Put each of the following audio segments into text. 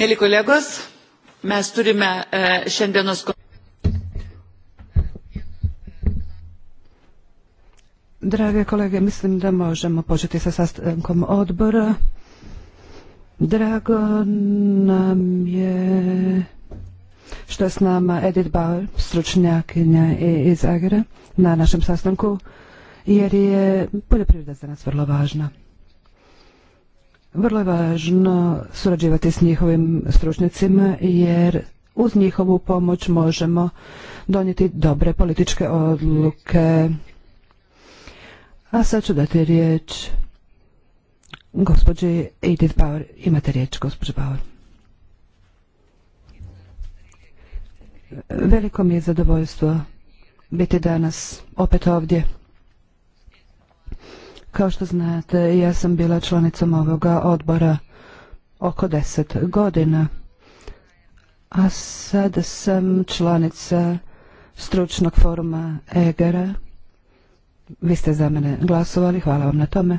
Mėly kolegos, mes turime e, šiandienos. Drage kolege, mislim da možemo početi sa sastankom odbora. Drago nam je što je s nama Edith Bauer, stručnjakinja iz Agere na našem sastanku, jer je poljoprivreda za nas vrlo važna. Vrlo je važno surađivati s njihovim stručnjacima jer uz njihovu pomoć možemo donijeti dobre političke odluke. A sad ću dati riječ gospođi Edith Bauer. Imate riječ, gospođi Bauer. Veliko mi je zadovoljstvo biti danas opet ovdje. Kao što znate, ja sam bila članicom ovoga odbora oko deset godina, a sada sam članica stručnog foruma EGERA. Vi ste za mene glasovali, hvala vam na tome.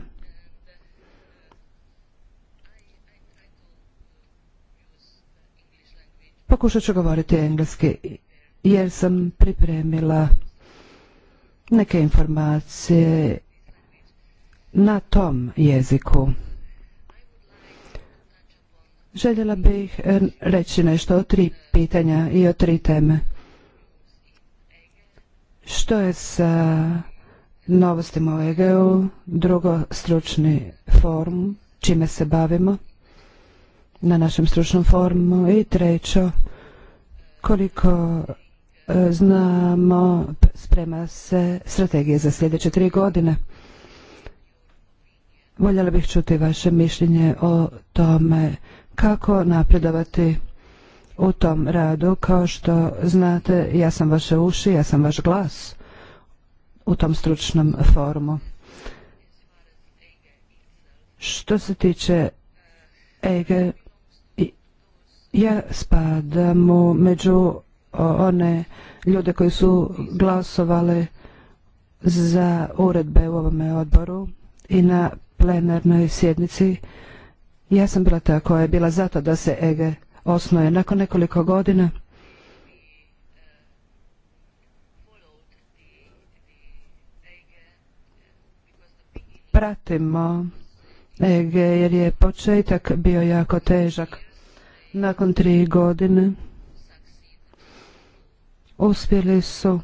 Pokušat ću govoriti engleski jer sam pripremila neke informacije na tom jeziku. Željela bih e, reći nešto o tri pitanja i o tri teme. Što je sa novostima u EGU, drugo stručni forum, čime se bavimo na našem stručnom forumu i trećo koliko e, znamo sprema se strategije za sljedeće tri godine. Voljela bih čuti vaše mišljenje o tome kako napredovati u tom radu. Kao što znate, ja sam vaše uši, ja sam vaš glas u tom stručnom forumu. Što se tiče EGE, ja spadam u među one ljude koji su glasovali za uredbe u ovome odboru i na plenarnoj sjednici. Ja sam bila ta koja je bila zato da se EGE osnoje. Nakon nekoliko godina pratimo ege jer je početak bio jako težak. Nakon tri godine uspjeli su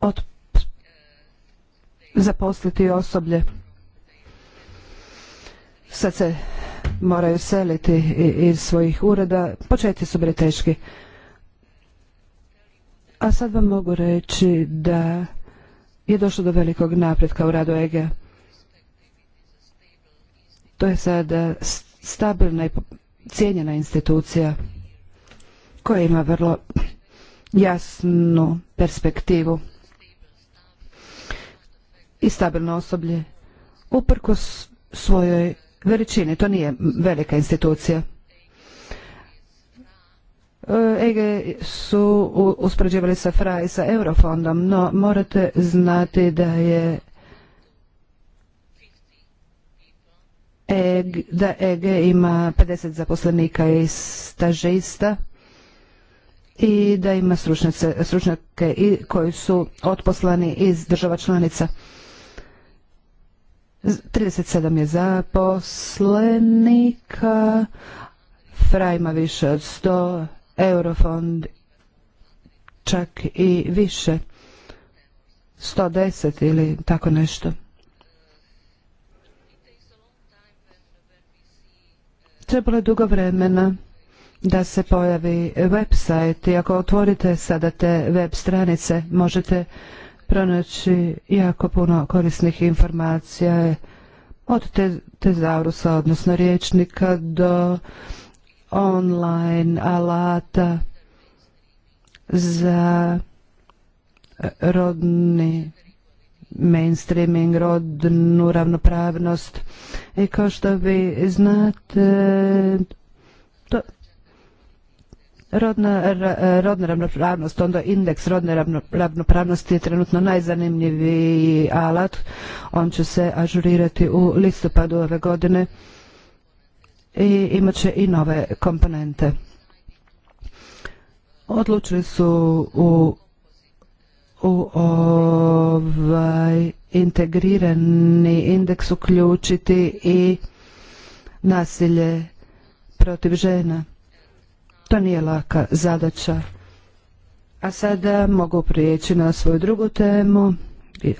od zaposliti osoblje. Sad se moraju seliti iz svojih ureda. Početi su bili teški. A sad vam mogu reći da je došlo do velikog napretka u radu EGE. E. To je sada stabilna i cijenjena institucija koja ima vrlo jasnu perspektivu i stabilno osoblje uprkos svojoj veličini. To nije velika institucija. E, EGE su uspoređivali sa FRA i sa Eurofondom, no morate znati da je EG, da EG ima 50 zaposlenika i stažista i da ima stručnjake koji su otposlani iz država članica. 37 je zaposlenika, poslenika, ima više od 100, Eurofond čak i više, 110 ili tako nešto. Trebalo je dugo vremena da se pojavi website i ako otvorite sada te web stranice možete pronaći jako puno korisnih informacija od te, tezaurusa, odnosno rječnika do online alata za e, rodni mainstreaming, rodnu ravnopravnost. I kao što vi znate, Rodna, ravnopravnost, onda indeks rodne ravnopravnosti je trenutno najzanimljiviji alat. On će se ažurirati u listopadu ove godine i imat će i nove komponente. Odlučili su u, u ovaj integrirani indeks uključiti i nasilje protiv žena nije laka zadaća. A sada mogu prijeći na svoju drugu temu,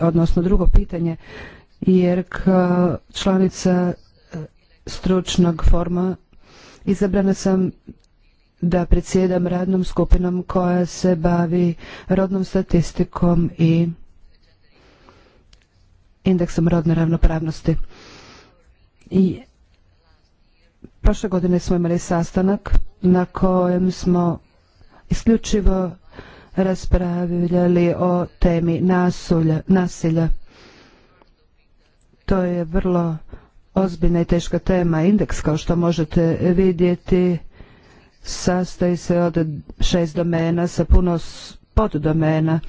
odnosno drugo pitanje, jer kao članica e, stručnog forma izabrana sam da predsjedam radnom skupinom koja se bavi rodnom statistikom i indeksom rodne ravnopravnosti. I prošle godine smo imali sastanak na kojem smo isključivo raspravljali o temi nasulja, nasilja. To je vrlo ozbiljna i teška tema. Indeks, kao što možete vidjeti, sastoji se od šest domena sa puno poddomena.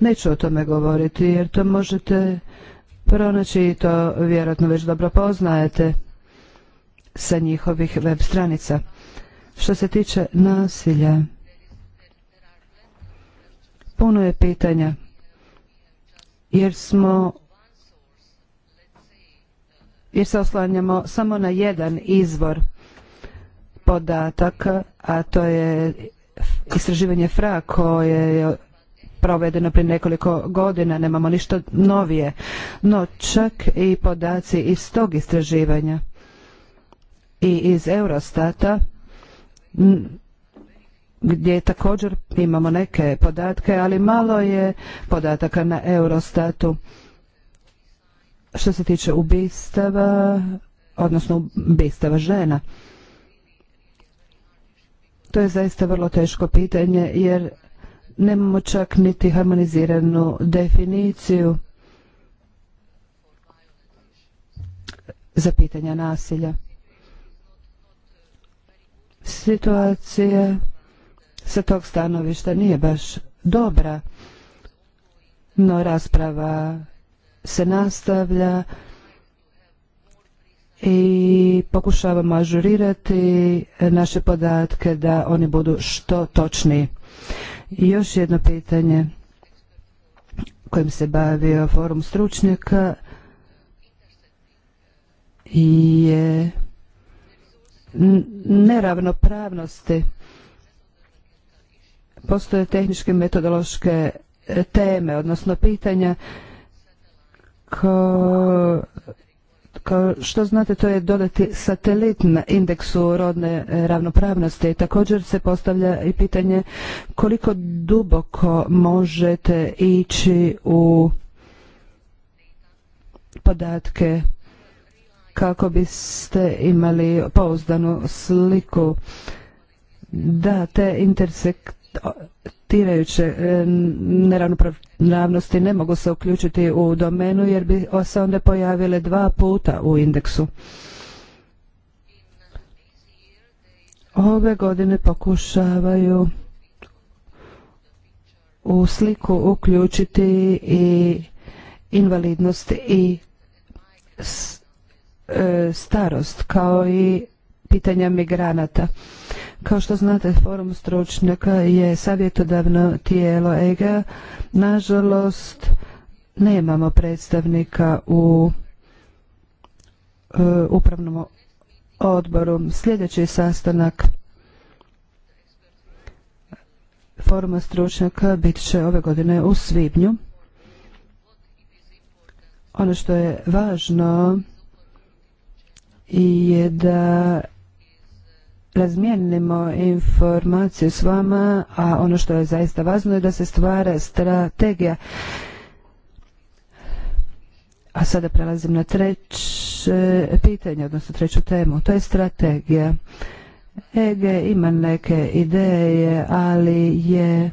Neću o tome govoriti jer to možete pronaći i to vjerojatno već dobro poznajete sa njihovih web stranica. Što se tiče nasilja, puno je pitanja, jer smo jer se oslanjamo samo na jedan izvor podataka, a to je istraživanje FRA koje je provedeno prije nekoliko godina, nemamo ništa novije, no čak i podaci iz tog istraživanja i iz Eurostata gdje također imamo neke podatke, ali malo je podataka na Eurostatu. Što se tiče ubistava, odnosno ubistava žena, to je zaista vrlo teško pitanje jer nemamo čak niti harmoniziranu definiciju za pitanja nasilja. Situacija sa tog stanovišta nije baš dobra, no rasprava se nastavlja i pokušavamo ažurirati naše podatke da oni budu što točniji. I još jedno pitanje kojim se bavio forum stručnjaka je neravnopravnosti. Postoje tehničke metodološke e, teme, odnosno pitanja što znate to je dodati satelit na indeksu rodne ravnopravnosti. i Također se postavlja i pitanje koliko duboko možete ići u podatke kako biste imali pouzdanu sliku. Da, te intersektirajuće e, neravnopravnosti ne mogu se uključiti u domenu jer bi se onda pojavile dva puta u indeksu. Ove godine pokušavaju u sliku uključiti i invalidnost i s E, starost kao i pitanja migranata. Kao što znate, forum stručnjaka je savjetodavno tijelo EGA. Nažalost, nemamo predstavnika u e, upravnom odboru. Sljedeći sastanak foruma stručnjaka bit će ove godine u svibnju. Ono što je važno je da razmijenimo informaciju s vama, a ono što je zaista važno je da se stvara strategija. A sada prelazim na treće pitanje, odnosno treću temu. To je strategija. EG ima neke ideje, ali je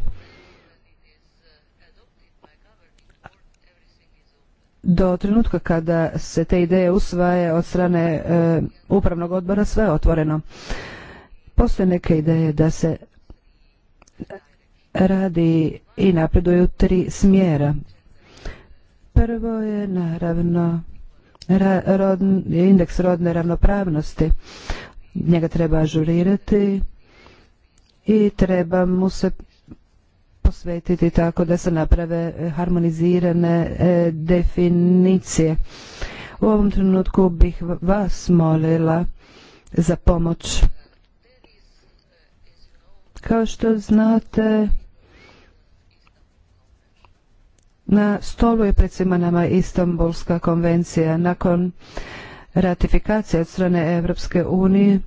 do trenutka kada se te ideje usvaje od strane e, upravnog odbora sve je otvoreno. Postoje neke ideje da se radi i napreduju tri smjera. Prvo je naravno indeks rodne ravnopravnosti. Njega treba ažurirati i treba mu se posvetiti tako da se naprave e, harmonizirane e, definicije. U ovom trenutku bih vas molila za pomoć. Kao što znate, na stolu je pred svima nama Istanbulska konvencija. Nakon ratifikacije od strane Evropske unije,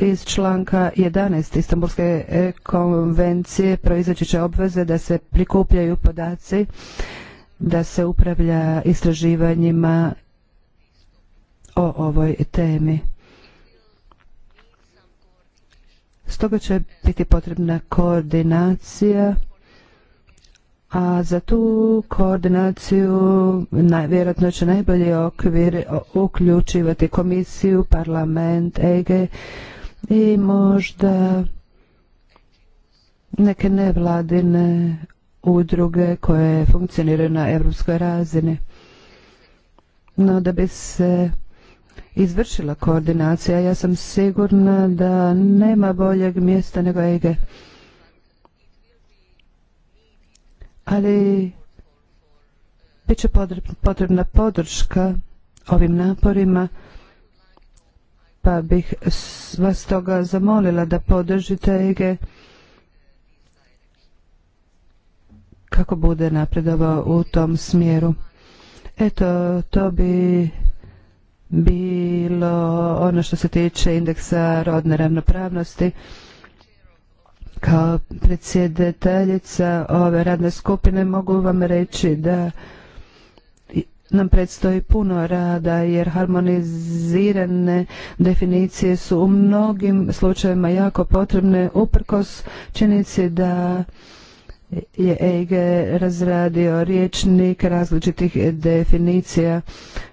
iz članka 11 Istanbulske e, konvencije proizaći će obveze da se prikupljaju podaci, da se upravlja istraživanjima o ovoj temi. Stoga će biti potrebna koordinacija, a za tu koordinaciju najvjerojatno će najbolji okvir uključivati komisiju, parlament, EGE i možda neke nevladine udruge koje funkcioniraju na evropskoj razini. No da bi se izvršila koordinacija, ja sam sigurna da nema boljeg mjesta nego EGE. Ali bit će potrebna podrška ovim naporima pa bih vas toga zamolila da podržite Ege kako bude napredovao u tom smjeru. Eto, to bi bilo ono što se tiče indeksa rodne ravnopravnosti. Kao predsjedateljica ove radne skupine mogu vam reći da nam predstoji puno rada jer harmonizirane definicije su u mnogim slučajevima jako potrebne uprkos činjenici da je EG razradio riječnik različitih definicija.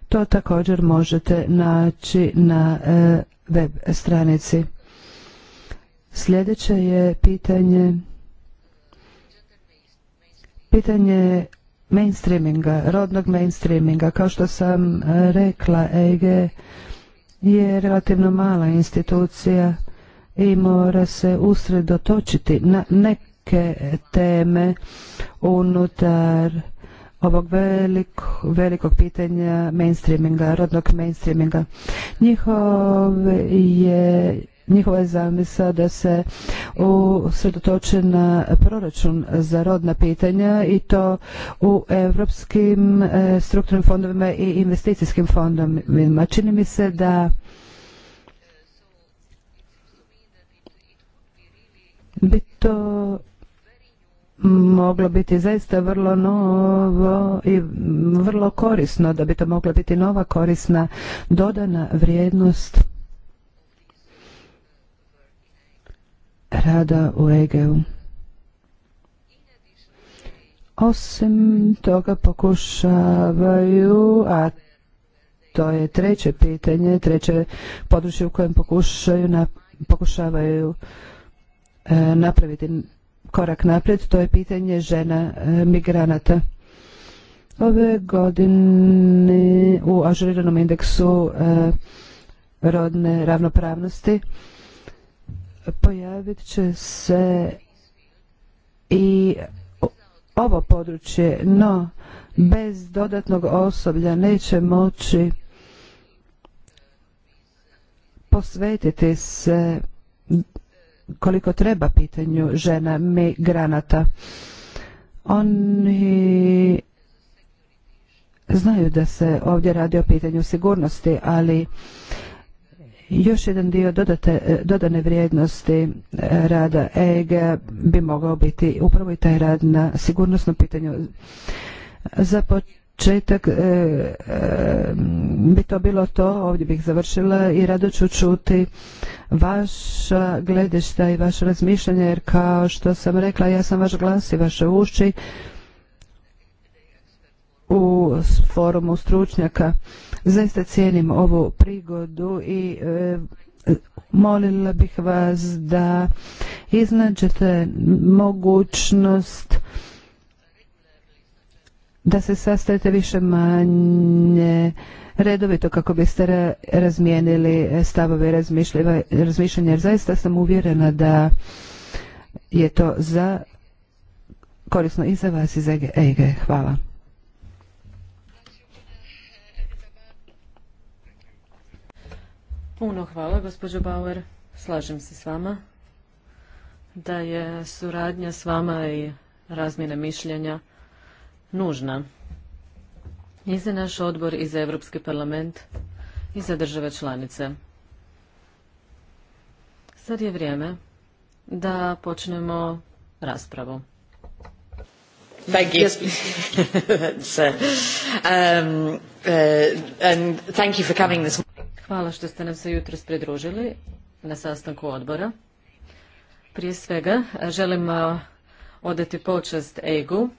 To također možete naći na e, web stranici. Sljedeće je pitanje pitanje mainstreaminga, rodnog mainstreaminga. Kao što sam e, rekla, EG je relativno mala institucija i mora se usredotočiti na neke teme unutar ovog velik, velikog pitanja mainstreaminga, rodnog mainstreaminga. Njihov je njihova je zamisa da se usredotoče na proračun za rodna pitanja i to u europskim e, strukturnim fondovima i investicijskim fondovima. Čini mi se da bi to moglo biti zaista vrlo novo i vrlo korisno, da bi to mogla biti nova korisna dodana vrijednost rada u Egeu. Osim toga pokušavaju, a to je treće pitanje, treće područje u kojem pokušaju, na, pokušavaju e, napraviti korak naprijed, to je pitanje žena e, migranata. Ove godine u ažuriranom indeksu e, rodne ravnopravnosti pojavit će se i ovo područje, no bez dodatnog osoblja neće moći posvetiti se koliko treba pitanju žena migranata. Oni znaju da se ovdje radi o pitanju sigurnosti, ali još jedan dio dodate, e, dodane vrijednosti e, rada EG bi mogao biti upravo i taj rad na sigurnosnom pitanju. Za početak e, bi to bilo to, ovdje bih završila i rado ću čuti vaša gledišta i vaše razmišljanje, jer kao što sam rekla, ja sam vaš glas i vaše uši u forumu stručnjaka Zaista cijenim ovu prigodu i e, molila bih vas da iznađete mogućnost da se sastajete više manje redovito kako biste razmijenili stavove razmišljanja jer zaista sam uvjerena da je to za korisno i za vas i za EG. E. Hvala. Puno hvala, gospođo Bauer. Slažem se s vama da je suradnja s vama i razmjena mišljenja nužna i za naš odbor i za Europski parlament i za države članice. Sad je vrijeme da počnemo raspravu. Thank Hvala što ste nam se jutros pridružili na sastanku odbora. Prije svega želim odati počast EGU.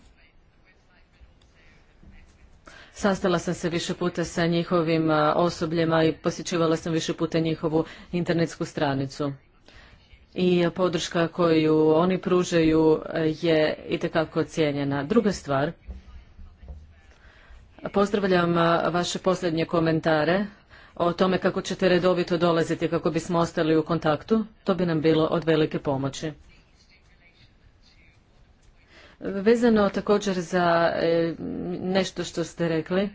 Sastala sam se više puta sa njihovim osobljima i posjećivala sam više puta njihovu internetsku stranicu. I podrška koju oni pružaju je itekako cijenjena. Druga stvar, pozdravljam vaše posljednje komentare o tome kako ćete redovito dolaziti kako bismo ostali u kontaktu, to bi nam bilo od velike pomoći. Vezano također za e, nešto što ste rekli,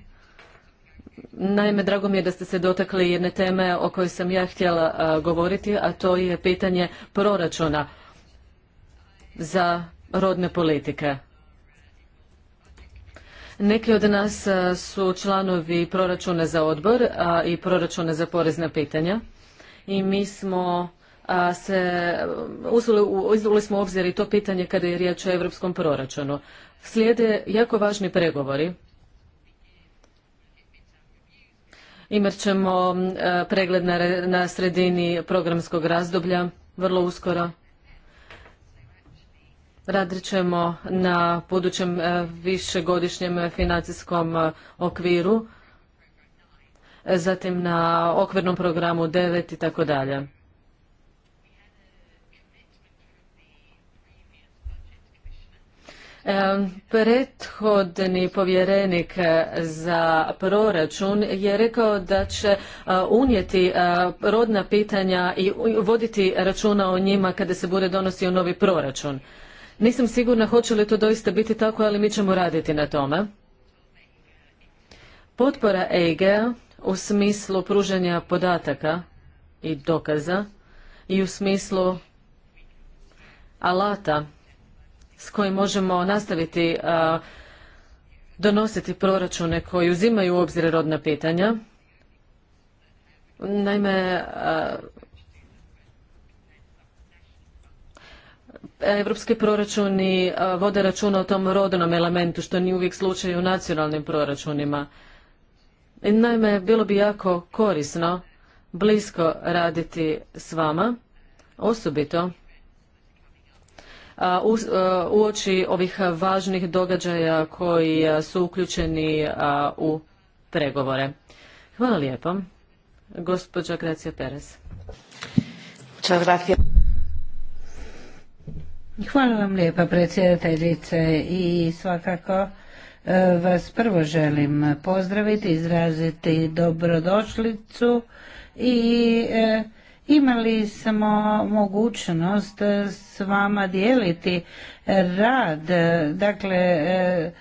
Naime, drago mi je da ste se dotakli jedne teme o kojoj sam ja htjela govoriti, a to je pitanje proračuna za rodne politike. Neki od nas e, su članovi proračuna za odbor a i proračuna za porezna pitanja i mi smo se e, uzeli smo u obzir i to pitanje kada je riječ o europskom proračunu. Slijede jako važni pregovori. Imat ćemo e, pregled na sredini programskog razdoblja vrlo uskoro Radit ćemo na budućem e, višegodišnjem financijskom e, okviru, e, zatim na okvirnom programu 9 i tako dalje. Prethodni povjerenik za proračun je rekao da će unijeti rodna pitanja i voditi računa o njima kada se bude donosio novi proračun. Nisam sigurna hoće li to doista biti tako, ali mi ćemo raditi na tome. Potpora EGE-a u smislu pružanja podataka i dokaza i u smislu alata s kojim možemo nastaviti donositi proračune koji uzimaju u obzir rodna pitanja. Naime, Europski proračuni e, vode računa o tom rodnom elementu, što nije uvijek slučaj u nacionalnim proračunima. E, naime, bilo bi jako korisno blisko raditi s vama, osobito e, uoči ovih važnih događaja koji su uključeni u pregovore. Hvala lijepo. Gospođa Perez. Hvala vam lijepa predsjedateljice i svakako e, vas prvo želim pozdraviti, izraziti dobrodošlicu i e, imali smo mogućnost s vama dijeliti rad, dakle e,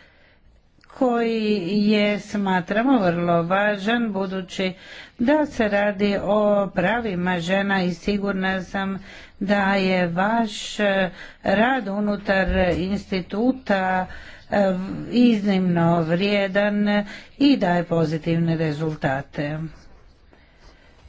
koji je smatramo vrlo važan budući da se radi o pravima žena i sigurna sam da je vaš e, rad unutar instituta e, iznimno vrijedan i daje pozitivne rezultate.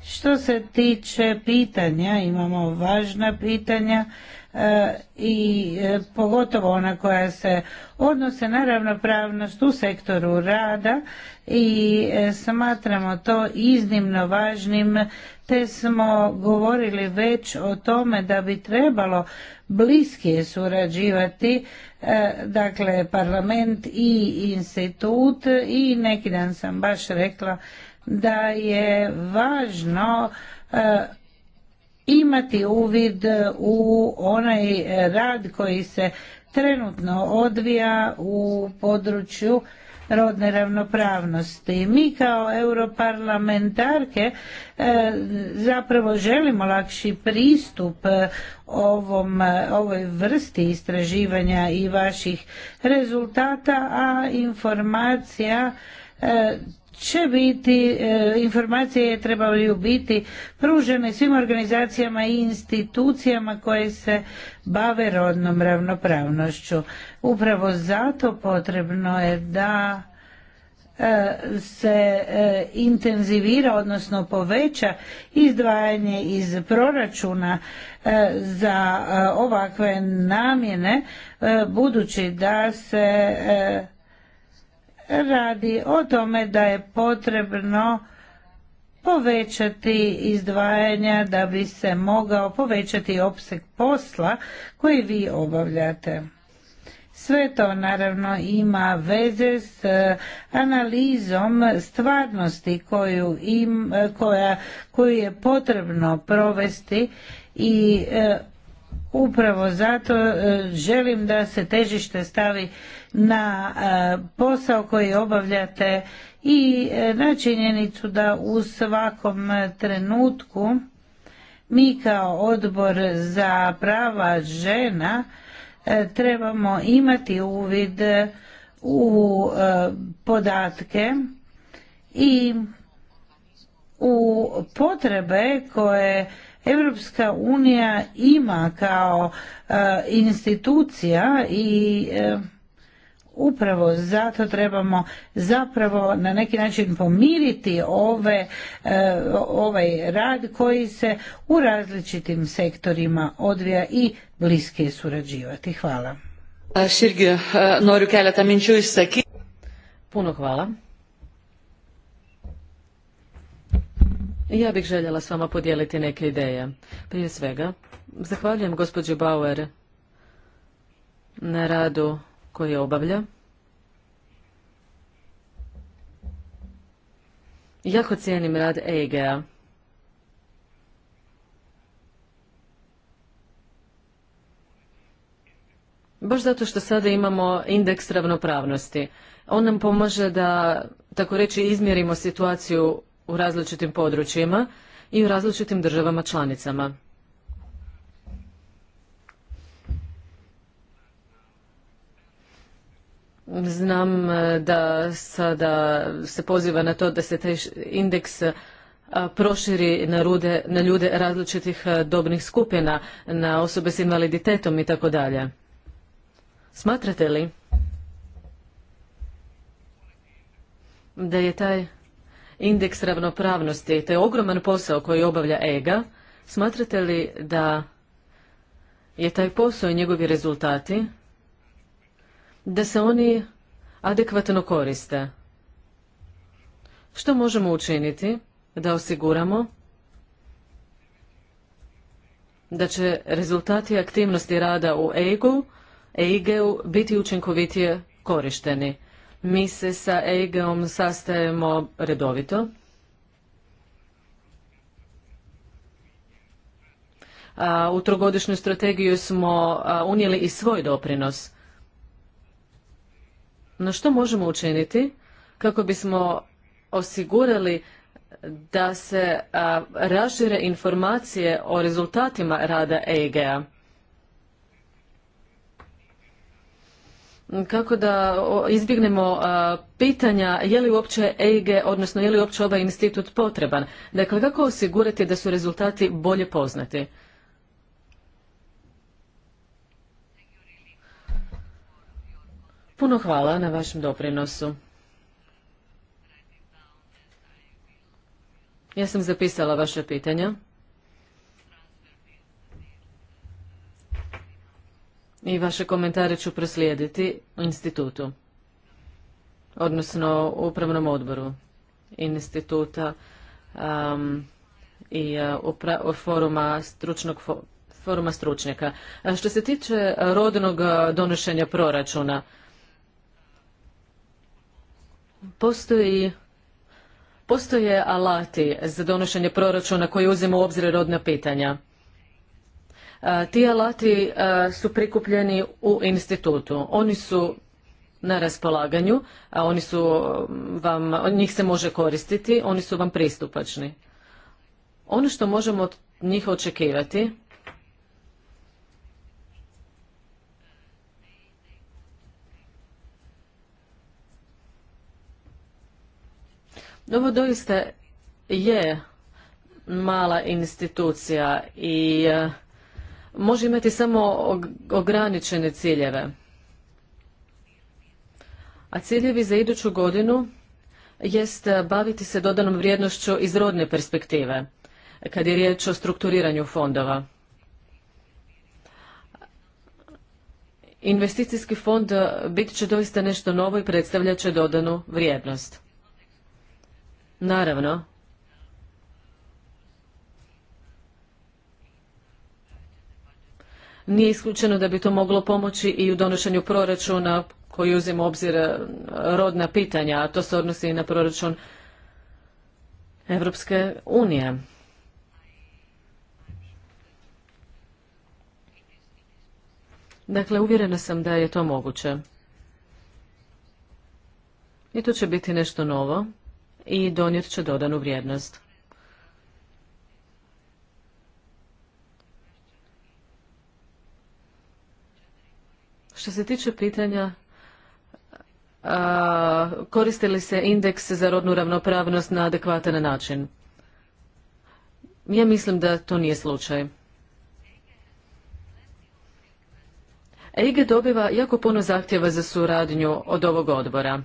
Što se tiče pitanja, imamo važna pitanja E, i e, pogotovo ona koja se odnose na ravnopravnost u sektoru rada i e, smatramo to iznimno važnim te smo govorili već o tome da bi trebalo bliskije surađivati dakle parlament i institut i neki dan sam baš rekla da je važno imati uvid u onaj rad koji se trenutno odvija u području rodne ravnopravnosti. Mi kao europarlamentarke e, zapravo želimo lakši pristup e, ovom, e, ovoj vrsti istraživanja i vaših rezultata, a informacija će biti, e, informacije trebaju biti pružene svim organizacijama i institucijama koje se bave rodnom ravnopravnošću. Upravo zato potrebno je da e, se e, intenzivira, odnosno poveća izdvajanje iz proračuna za ovakve namjene, budući da se radi o tome da je potrebno povećati izdvajanja da bi se mogao povećati opseg posla koji vi obavljate. Sve to naravno ima veze s e, analizom stvarnosti koju, im, e, koja, koju je potrebno provesti i e, upravo zato želim da se težište stavi na e, posao koji obavljate i e, na činjenicu da u svakom trenutku mi kao odbor za prava žena e, trebamo imati uvid u podatke i u potrebe koje Europska unija ima kao institucija i upravo zato trebamo zapravo na neki način pomiriti ove, e, ovaj rad koji se u različitim sektorima odvija i bliske surađivati. Hvala. E, Puno hvala. Ja bih željela s vama podijeliti neke ideje. Prije svega, zahvaljujem gospođi Bauer na radu koje obavlja. Jako cijenim rad EGA. Baš zato što sada imamo indeks ravnopravnosti. On nam pomaže da, tako reći, izmjerimo situaciju u različitim područjima i u različitim državama članicama. Znam e, da sada se poziva na to da se taj indeks e, proširi na, rude, na ljude različitih e, dobnih skupina, na osobe s invaliditetom i tako dalje. Smatrate li da je taj indeks ravnopravnosti, taj ogroman posao koji obavlja EGA, smatrate li da je taj posao i njegovi rezultati da se oni adekvatno koriste. Što možemo učiniti da osiguramo da će rezultati aktivnosti rada u EIG-u EIG biti učinkovitije korišteni? Mi se sa EIG-om sastajemo redovito. A, u trogodišnju strategiju smo unijeli i svoj doprinos. No što možemo učiniti kako bismo osigurali da se rašire informacije o rezultatima rada EIG-a? Kako da izbjegnemo pitanja je li uopće EIG, odnosno je li uopće ovaj institut potreban? Dakle, kako osigurati da su rezultati bolje poznati? Puno hvala na vašem doprinosu. Ja sam zapisala vaše pitanja. I vaše komentare ću proslijediti u institutu, odnosno u upravnom odboru instituta um, i uh, uh, foruma stručnog foruma stručnjaka. A što se tiče rodnog uh, donošenja proračuna, Postoji Postoje alati za donošenje proračuna koji uzima u obzir rodna pitanja. E, ti alati e, su prikupljeni u institutu. Oni su na raspolaganju, a oni su e, vam, njih se može koristiti, oni su vam pristupačni. Ono što možemo od njih očekivati Ovo doista je mala institucija i e, može imati samo ograničene ciljeve. A ciljevi za iduću godinu jest baviti se dodanom vrijednošću iz rodne perspektive, kad je riječ o strukturiranju fondova. Investicijski fond e, bit će doista nešto novo i predstavljaće dodanu vrijednost. Naravno, nije isključeno da bi to moglo pomoći i u donošenju proračuna koji uzim u obzir e, rodna pitanja, a to se odnosi i na proračun Evropske unije. Dakle, uvjerena sam da je to moguće. I to će biti nešto novo i donijet će dodanu vrijednost. Što se tiče pitanja a, koristi li se indeks za rodnu ravnopravnost na adekvatan način? Ja mislim da to nije slučaj. EIGE dobiva jako puno zahtjeva za suradnju od ovog odbora.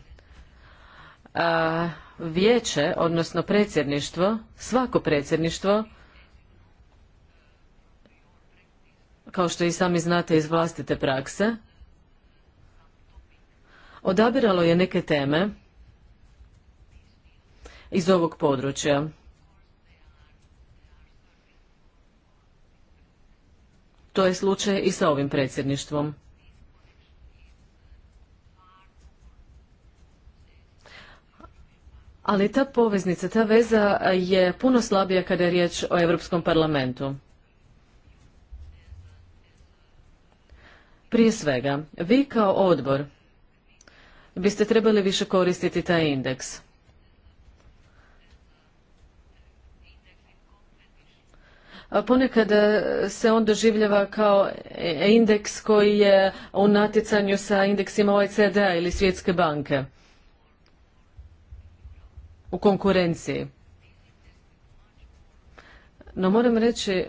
A, vijeće, odnosno predsjedništvo, svako predsjedništvo, kao što i sami znate iz vlastite prakse, odabiralo je neke teme iz ovog područja. To je slučaj i sa ovim predsjedništvom. ali ta poveznica, ta veza je puno slabija kada je riječ o Europskom parlamentu. Prije svega, vi kao odbor biste trebali više koristiti taj indeks. ponekad se on doživljava kao e- indeks koji je u natjecanju sa indeksima oecd ili Svjetske banke u konkurenciji. No moram reći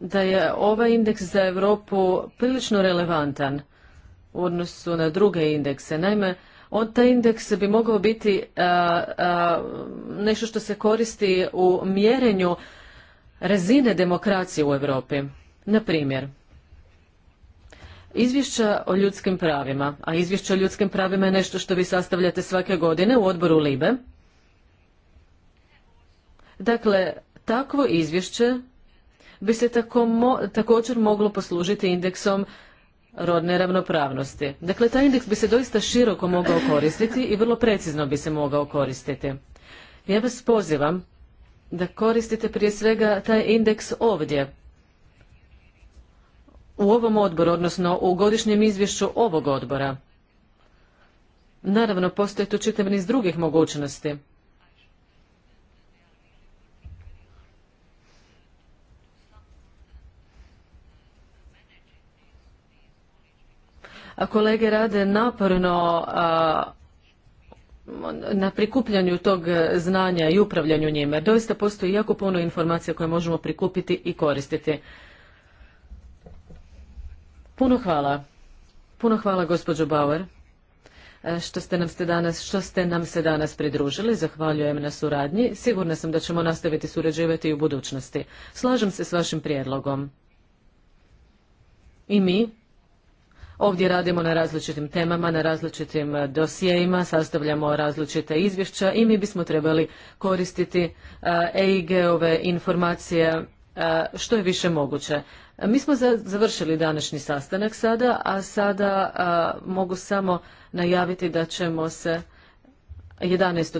da je ovaj indeks za Europu prilično relevantan u odnosu na druge indekse. Naime, on taj indeks bi mogao biti nešto što se koristi u mjerenju razine demokracije u Europi. Na primjer, Izvješća o ljudskim pravima, a izvješće o ljudskim pravima je nešto što vi sastavljate svake godine u odboru LIBE. Dakle, takvo izvješće bi se tako također moglo poslužiti indeksom rodne ravnopravnosti. Dakle, taj indeks bi se doista široko mogao koristiti i vrlo precizno bi se mogao koristiti. Ja vas pozivam da koristite prije svega taj indeks ovdje u ovom odboru, odnosno u godišnjem izvješću ovog odbora. Naravno, postoje tu čitav iz drugih mogućnosti. A kolege rade naporno na prikupljanju tog znanja i upravljanju njime. Doista postoji jako puno informacija koje možemo prikupiti i koristiti. Puno hvala. Puno hvala gospođo Bauer e, što ste nam se danas, što ste nam se danas pridružili. Zahvaljujem na suradnji. Sigurna sam da ćemo nastaviti surađivati i u budućnosti. Slažem se s vašim prijedlogom. I mi ovdje radimo na različitim temama, na različitim e, dosijeima, sastavljamo različite izvješća i mi bismo trebali koristiti EIG-ove e informacije što je više moguće. Mi smo završili današnji sastanak sada, a sada mogu samo najaviti da ćemo se 11.